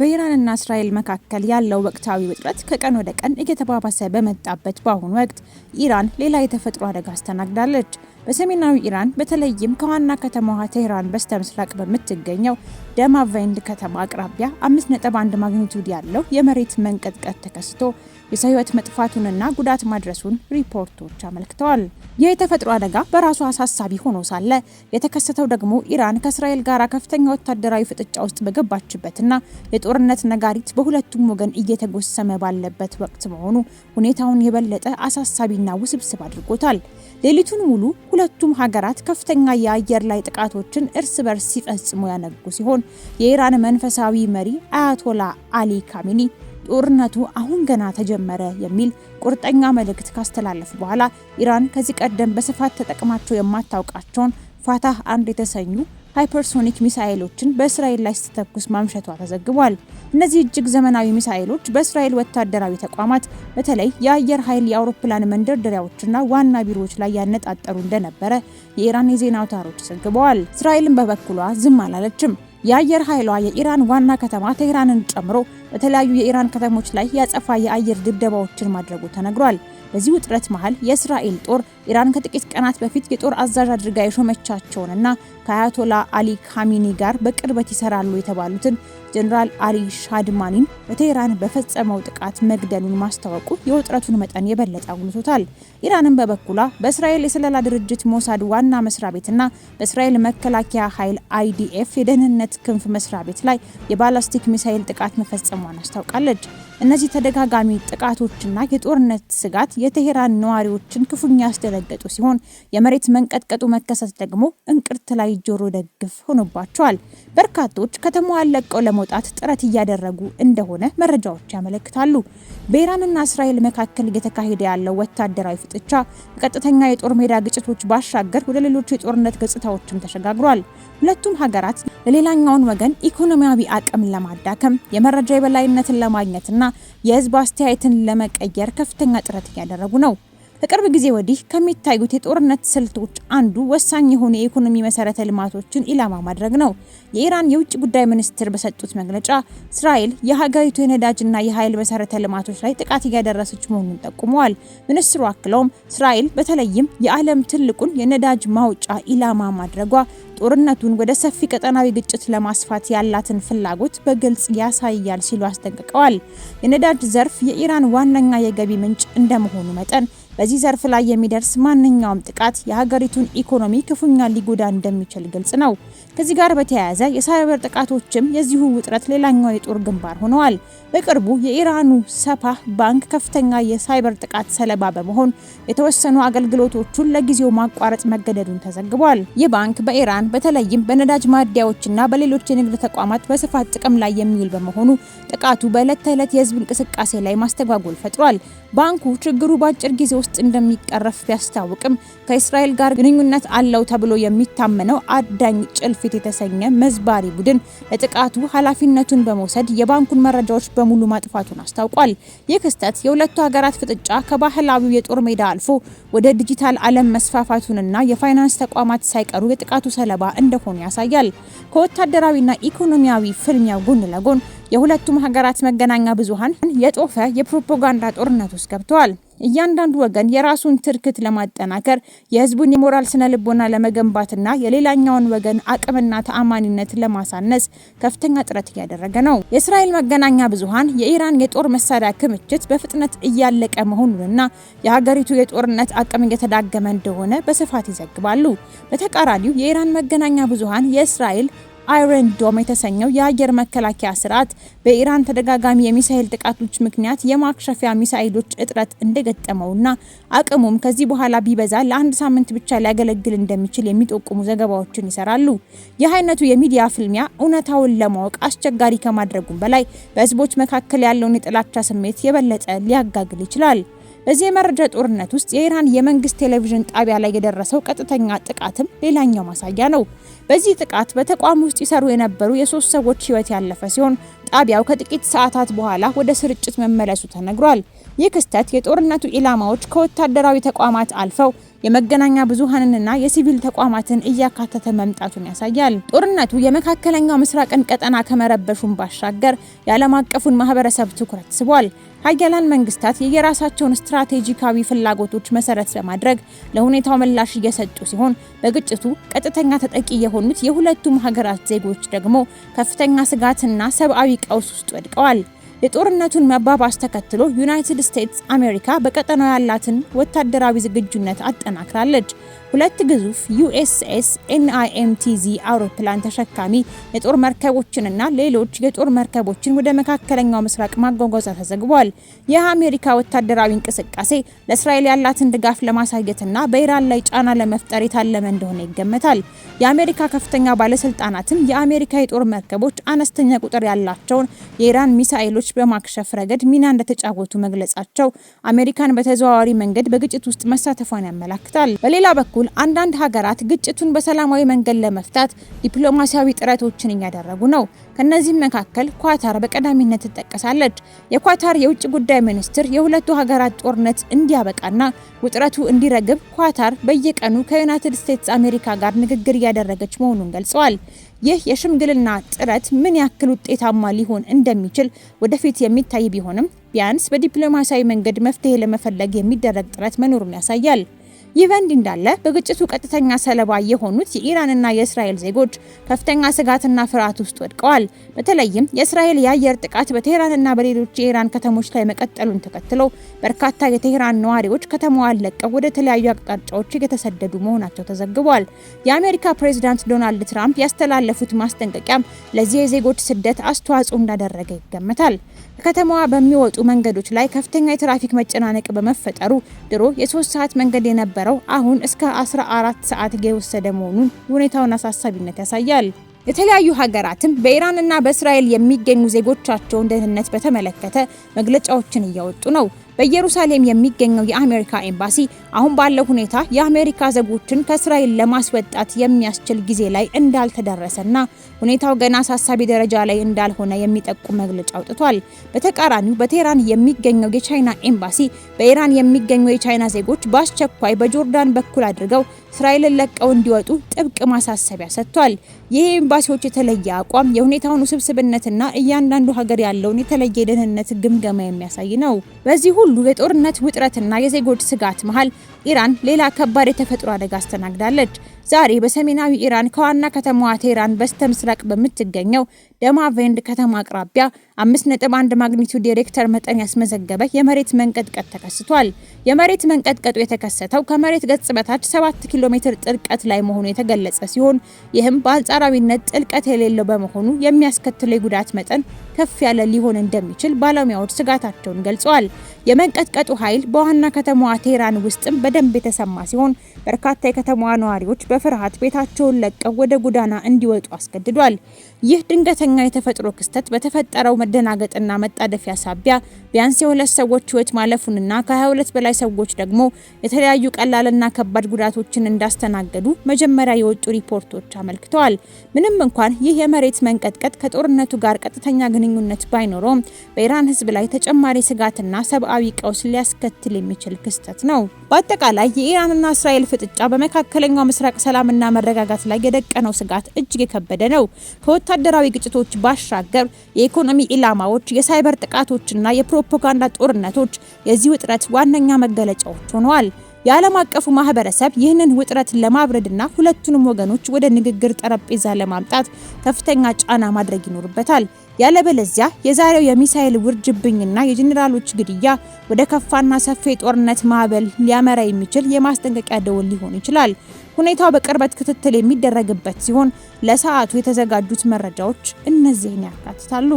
በኢራንና እስራኤል መካከል ያለው ወቅታዊ ውጥረት ከቀን ወደ ቀን እየተባባሰ በመጣበት በአሁኑ ወቅት ኢራን ሌላ የተፈጥሮ አደጋ አስተናግዳለች። በሰሜናዊ ኢራን በተለይም ከዋና ከተማዋ ቴህራን በስተምስራቅ በምትገኘው ደማቫይንድ ከተማ አቅራቢያ 5.1 ማግኒቱድ ያለው የመሬት መንቀጥቀጥ ተከስቶ የሰው ህይወት መጥፋቱንና ጉዳት ማድረሱን ሪፖርቶች አመልክተዋል። ይህ የተፈጥሮ አደጋ በራሱ አሳሳቢ ሆኖ ሳለ የተከሰተው ደግሞ ኢራን ከእስራኤል ጋር ከፍተኛ ወታደራዊ ፍጥጫ ውስጥ በገባችበትና የጦርነት ነጋሪት በሁለቱም ወገን እየተጎሰመ ባለበት ወቅት መሆኑ ሁኔታውን የበለጠ አሳሳቢና ውስብስብ አድርጎታል። ሌሊቱን ሙሉ ሁለቱም ሀገራት ከፍተኛ የአየር ላይ ጥቃቶችን እርስ በርስ ሲፈጽሙ ያነጉ ሲሆን የኢራን መንፈሳዊ መሪ አያቶላ አሊ ካሚኒ ጦርነቱ አሁን ገና ተጀመረ የሚል ቁርጠኛ መልእክት ካስተላለፉ በኋላ ኢራን ከዚህ ቀደም በስፋት ተጠቅማቸው የማታውቃቸውን ፋታህ አንድ የተሰኙ ሃይፐርሶኒክ ሚሳኤሎችን በእስራኤል ላይ ስትተኩስ ማምሸቷ ተዘግቧል። እነዚህ እጅግ ዘመናዊ ሚሳኤሎች በእስራኤል ወታደራዊ ተቋማት በተለይ የአየር ኃይል፣ የአውሮፕላን መንደርደሪያዎችና ዋና ቢሮዎች ላይ ያነጣጠሩ እንደነበረ የኢራን የዜና አውታሮች ዘግበዋል። እስራኤልን በበኩሏ ዝም አላለችም። የአየር ኃይሏ የኢራን ዋና ከተማ ቴህራንን ጨምሮ በተለያዩ የኢራን ከተሞች ላይ ያጸፋ የአየር ድብደባዎችን ማድረጉ ተነግሯል። በዚህ ውጥረት መሀል የእስራኤል ጦር ኢራን ከጥቂት ቀናት በፊት የጦር አዛዥ አድርጋ የሾመቻቸውንና ከአያቶላ አሊ ካሚኒ ጋር በቅርበት ይሰራሉ የተባሉትን ጀኔራል አሊ ሻድማኒን በቴህራን በፈጸመው ጥቃት መግደሉን ማስታወቁ የውጥረቱን መጠን የበለጠ አጉልቶታል። ኢራንም በበኩሏ በእስራኤል የስለላ ድርጅት ሞሳድ ዋና መስሪያ ቤትና በእስራኤል መከላከያ ኃይል አይዲኤፍ የደህንነት ክንፍ መስሪያ ቤት ላይ የባላስቲክ ሚሳኤል ጥቃት መፈጸሟን አስታውቃለች። እነዚህ ተደጋጋሚ ጥቃቶችና የጦርነት ስጋት የቴህራን ነዋሪዎችን ክፉኛ ያስደነገጡ ሲሆን የመሬት መንቀጥቀጡ መከሰት ደግሞ እንቅርት ላይ ጆሮ ደግፍ ሆኖባቸዋል። በርካቶች ከተማዋን ለቀው ለመውጣት ጥረት እያደረጉ እንደሆነ መረጃዎች ያመለክታሉ። በኢራንና እስራኤል መካከል እየተካሄደ ያለው ወታደራዊ ፍጥጫ ከቀጥተኛ የጦር ሜዳ ግጭቶች ባሻገር ወደ ሌሎች የጦርነት ገጽታዎችም ተሸጋግሯል። ሁለቱም ሀገራት ለሌላኛውን ወገን ኢኮኖሚያዊ አቅም ለማዳከም የመረጃ የበላይነትን ለማግኘትና የህዝብ አስተያየትን ለመቀየር ከፍተኛ ጥረት እያደረጉ ነው። ከቅርብ ጊዜ ወዲህ ከሚታዩት የጦርነት ስልቶች አንዱ ወሳኝ የሆኑ የኢኮኖሚ መሰረተ ልማቶችን ኢላማ ማድረግ ነው። የኢራን የውጭ ጉዳይ ሚኒስትር በሰጡት መግለጫ እስራኤል የሀገሪቱ የነዳጅና የኃይል መሰረተ ልማቶች ላይ ጥቃት እያደረሰች መሆኑን ጠቁመዋል። ሚኒስትሩ አክለውም እስራኤል በተለይም የዓለም ትልቁን የነዳጅ ማውጫ ኢላማ ማድረጓ ጦርነቱን ወደ ሰፊ ቀጠናዊ ግጭት ለማስፋት ያላትን ፍላጎት በግልጽ ያሳያል ሲሉ አስጠንቅቀዋል። የነዳጅ ዘርፍ የኢራን ዋነኛ የገቢ ምንጭ እንደመሆኑ መጠን በዚህ ዘርፍ ላይ የሚደርስ ማንኛውም ጥቃት የሀገሪቱን ኢኮኖሚ ክፉኛ ሊጎዳ እንደሚችል ግልጽ ነው። ከዚህ ጋር በተያያዘ የሳይበር ጥቃቶችም የዚሁ ውጥረት ሌላኛው የጦር ግንባር ሆነዋል። በቅርቡ የኢራኑ ሰፓህ ባንክ ከፍተኛ የሳይበር ጥቃት ሰለባ በመሆን የተወሰኑ አገልግሎቶቹን ለጊዜው ማቋረጥ መገደዱን ተዘግቧል። ይህ ባንክ በኢራን በተለይም በነዳጅ ማደያዎችና በሌሎች የንግድ ተቋማት በስፋት ጥቅም ላይ የሚውል በመሆኑ ጥቃቱ በዕለት ተዕለት የህዝብ እንቅስቃሴ ላይ ማስተጓጎል ፈጥሯል። ባንኩ ችግሩ በአጭር ጊዜ ውስጥ ውስጥ እንደሚቀረፍ ቢያስታውቅም ከእስራኤል ጋር ግንኙነት አለው ተብሎ የሚታመነው አዳኝ ጭልፊት የተሰኘ መዝባሪ ቡድን ለጥቃቱ ኃላፊነቱን በመውሰድ የባንኩን መረጃዎች በሙሉ ማጥፋቱን አስታውቋል። ይህ ክስተት የሁለቱ ሀገራት ፍጥጫ ከባህላዊው የጦር ሜዳ አልፎ ወደ ዲጂታል ዓለም መስፋፋቱንና የፋይናንስ ተቋማት ሳይቀሩ የጥቃቱ ሰለባ እንደሆኑ ያሳያል። ከወታደራዊና ኢኮኖሚያዊ ፍልሚያ ጎን ለጎን የሁለቱም ሀገራት መገናኛ ብዙሃን የጦፈ የፕሮፓጋንዳ ጦርነት ውስጥ ገብተዋል። እያንዳንዱ ወገን የራሱን ትርክት ለማጠናከር የህዝቡን የሞራል ስነ ልቦና ለመገንባትና የሌላኛውን ወገን አቅምና ተአማኒነት ለማሳነስ ከፍተኛ ጥረት እያደረገ ነው። የእስራኤል መገናኛ ብዙሃን የኢራን የጦር መሳሪያ ክምችት በፍጥነት እያለቀ መሆኑንና የሀገሪቱ የጦርነት አቅም እየተዳገመ እንደሆነ በስፋት ይዘግባሉ። በተቃራኒው የኢራን መገናኛ ብዙሃን የእስራኤል አይረን ዶም የተሰኘው የአየር መከላከያ ስርዓት በኢራን ተደጋጋሚ የሚሳኤል ጥቃቶች ምክንያት የማክሸፊያ ሚሳኤሎች እጥረት እንደገጠመውና አቅሙም ከዚህ በኋላ ቢበዛ ለአንድ ሳምንት ብቻ ሊያገለግል እንደሚችል የሚጠቁሙ ዘገባዎችን ይሰራሉ። ይህ አይነቱ የሚዲያ ፍልሚያ እውነታውን ለማወቅ አስቸጋሪ ከማድረጉም በላይ በህዝቦች መካከል ያለውን የጥላቻ ስሜት የበለጠ ሊያጋግል ይችላል። በዚህ የመረጃ ጦርነት ውስጥ የኢራን የመንግስት ቴሌቪዥን ጣቢያ ላይ የደረሰው ቀጥተኛ ጥቃትም ሌላኛው ማሳያ ነው። በዚህ ጥቃት በተቋም ውስጥ ይሰሩ የነበሩ የሶስት ሰዎች ህይወት ያለፈ ሲሆን ጣቢያው ከጥቂት ሰዓታት በኋላ ወደ ስርጭት መመለሱ ተነግሯል። ይህ ክስተት የጦርነቱ ኢላማዎች ከወታደራዊ ተቋማት አልፈው የመገናኛ ብዙሃንንና የሲቪል ተቋማትን እያካተተ መምጣቱን ያሳያል። ጦርነቱ የመካከለኛው ምስራቅን ቀጠና ከመረበሹን ባሻገር የዓለም አቀፉን ማህበረሰብ ትኩረት ስቧል። ሀያላን መንግስታት የየራሳቸውን ስትራቴጂካዊ ፍላጎቶች መሰረት በማድረግ ለሁኔታው ምላሽ እየሰጡ ሲሆን በግጭቱ ቀጥተኛ ተጠቂ የሆኑት የሁለቱም ሀገራት ዜጎች ደግሞ ከፍተኛ ስጋትና ሰብአዊ ቀውስ ውስጥ ወድቀዋል። የጦርነቱን መባባስ ተከትሎ ዩናይትድ ስቴትስ አሜሪካ በቀጠናው ያላትን ወታደራዊ ዝግጁነት አጠናክራለች። ሁለት ግዙፍ ዩኤስኤስ ኤንአይኤምቲዚ አውሮፕላን ተሸካሚ የጦር መርከቦችንና ሌሎች የጦር መርከቦችን ወደ መካከለኛው ምስራቅ ማጓጓዛ ተዘግቧል። ይህ አሜሪካ ወታደራዊ እንቅስቃሴ ለእስራኤል ያላትን ድጋፍ ለማሳየትና በኢራን ላይ ጫና ለመፍጠር የታለመ እንደሆነ ይገመታል። የአሜሪካ ከፍተኛ ባለስልጣናትም የአሜሪካ የጦር መርከቦች አነስተኛ ቁጥር ያላቸውን የኢራን ሚሳኤሎች በማክሸፍ ረገድ ሚና እንደተጫወቱ መግለጻቸው አሜሪካን በተዘዋዋሪ መንገድ በግጭት ውስጥ መሳተፏን ያመላክታል። በሌላ በኩል በኩል አንዳንድ ሀገራት ግጭቱን በሰላማዊ መንገድ ለመፍታት ዲፕሎማሲያዊ ጥረቶችን እያደረጉ ነው። ከእነዚህም መካከል ኳታር በቀዳሚነት ትጠቀሳለች። የኳታር የውጭ ጉዳይ ሚኒስትር የሁለቱ ሀገራት ጦርነት እንዲያበቃና ውጥረቱ እንዲረግብ ኳታር በየቀኑ ከዩናይትድ ስቴትስ አሜሪካ ጋር ንግግር እያደረገች መሆኑን ገልጸዋል። ይህ የሽምግልና ጥረት ምን ያክል ውጤታማ ሊሆን እንደሚችል ወደፊት የሚታይ ቢሆንም ቢያንስ በዲፕሎማሲያዊ መንገድ መፍትሄ ለመፈለግ የሚደረግ ጥረት መኖሩን ያሳያል። ይህ በእንዲህ እንዳለ በግጭቱ ቀጥተኛ ሰለባ የሆኑት የኢራንና የእስራኤል ዜጎች ከፍተኛ ስጋትና ፍርሃት ውስጥ ወድቀዋል። በተለይም የእስራኤል የአየር ጥቃት በቴህራንና በሌሎች የኢራን ከተሞች ላይ መቀጠሉን ተከትሎ በርካታ የቴህራን ነዋሪዎች ከተማዋን ለቀው ወደ ተለያዩ አቅጣጫዎች እየተሰደዱ መሆናቸው ተዘግቧል። የአሜሪካ ፕሬዚዳንት ዶናልድ ትራምፕ ያስተላለፉት ማስጠንቀቂያም ለዚህ የዜጎች ስደት አስተዋጽኦ እንዳደረገ ይገመታል። ከከተማዋ በሚወጡ መንገዶች ላይ ከፍተኛ የትራፊክ መጨናነቅ በመፈጠሩ ድሮ የሶስት ሰዓት መንገድ የነበረው አሁን እስከ 14 ሰዓት የወሰደ መሆኑን ሁኔታውን አሳሳቢነት ያሳያል። የተለያዩ ሀገራትም በኢራንና በእስራኤል የሚገኙ ዜጎቻቸውን ደህንነት በተመለከተ መግለጫዎችን እያወጡ ነው። በኢየሩሳሌም የሚገኘው የአሜሪካ ኤምባሲ አሁን ባለው ሁኔታ የአሜሪካ ዜጎችን ከእስራኤል ለማስወጣት የሚያስችል ጊዜ ላይ እንዳልተደረሰና ሁኔታው ገና አሳሳቢ ደረጃ ላይ እንዳልሆነ የሚጠቁም መግለጫ አውጥቷል። በተቃራኒው በቴህራን የሚገኘው የቻይና ኤምባሲ በኢራን የሚገኙ የቻይና ዜጎች በአስቸኳይ በጆርዳን በኩል አድርገው እስራኤልን ለቀው እንዲወጡ ጥብቅ ማሳሰቢያ ሰጥቷል። ይህ ኤምባሲዎች የተለየ አቋም የሁኔታውን ውስብስብነትና እያንዳንዱ ሀገር ያለውን የተለየ የደህንነት ግምገማ የሚያሳይ ነው። በዚህ ሁሉ የጦርነት ውጥረትና የዜጎች ስጋት መሀል ኢራን ሌላ ከባድ የተፈጥሮ አደጋ አስተናግዳለች። ዛሬ በሰሜናዊ ኢራን ከዋና ከተማዋ ቴህራን በስተ ምስራቅ በምትገኘው ደማቬንድ ከተማ አቅራቢያ 5.1 ማግኒቱድ የሬክተር መጠን ያስመዘገበ የመሬት መንቀጥቀጥ ተከስቷል። የመሬት መንቀጥቀጡ የተከሰተው ከመሬት ገጽ በታች 7 ኪሎ ሜትር ጥልቀት ላይ መሆኑ የተገለጸ ሲሆን ይህም በአንጻራዊነት ጥልቀት የሌለው በመሆኑ የሚያስከትለው የጉዳት መጠን ከፍ ያለ ሊሆን እንደሚችል ባለሙያዎች ስጋታቸውን ገልጸዋል። የመንቀጥቀጡ ኃይል በዋና ከተማዋ ቴህራን ውስጥም በደንብ የተሰማ ሲሆን በርካታ የከተማዋ ነዋሪዎች በ በፍርሃት ቤታቸውን ለቀው ወደ ጎዳና እንዲወጡ አስገድዷል። ይህ ድንገተኛ የተፈጥሮ ክስተት በተፈጠረው መደናገጥና መጣደፊያ ሳቢያ ቢያንስ የሁለት ሰዎች ህይወት ማለፉንና ከ22 በላይ ሰዎች ደግሞ የተለያዩ ቀላልና ከባድ ጉዳቶችን እንዳስተናገዱ መጀመሪያ የወጡ ሪፖርቶች አመልክተዋል። ምንም እንኳን ይህ የመሬት መንቀጥቀጥ ከጦርነቱ ጋር ቀጥተኛ ግንኙነት ባይኖረውም በኢራን ህዝብ ላይ ተጨማሪ ስጋትና ሰብአዊ ቀውስ ሊያስከትል የሚችል ክስተት ነው። በአጠቃላይ የኢራንና እስራኤል ፍጥጫ በመካከለኛው ምስራቅ ሰላምና መረጋጋት ላይ የደቀነው ስጋት እጅግ የከበደ ነው። ከወታደራዊ ግጭቶች ባሻገር የኢኮኖሚ ኢላማዎች፣ የሳይበር ጥቃቶችና የፕሮፓጋንዳ ጦርነቶች የዚህ ውጥረት ዋነኛ መገለጫዎች ሆነዋል። የዓለም አቀፉ ማህበረሰብ ይህንን ውጥረት ለማብረድና ሁለቱንም ወገኖች ወደ ንግግር ጠረጴዛ ለማምጣት ከፍተኛ ጫና ማድረግ ይኖርበታል። ያለበለዚያ የዛሬው የሚሳኤል ውርጅብኝና የጄኔራሎች ግድያ ወደ ከፋና ሰፊ የጦርነት ማዕበል ሊያመራ የሚችል የማስጠንቀቂያ ደወል ሊሆን ይችላል። ሁኔታው በቅርበት ክትትል የሚደረግበት ሲሆን ለሰዓቱ የተዘጋጁት መረጃዎች እነዚህን ያካትታሉ።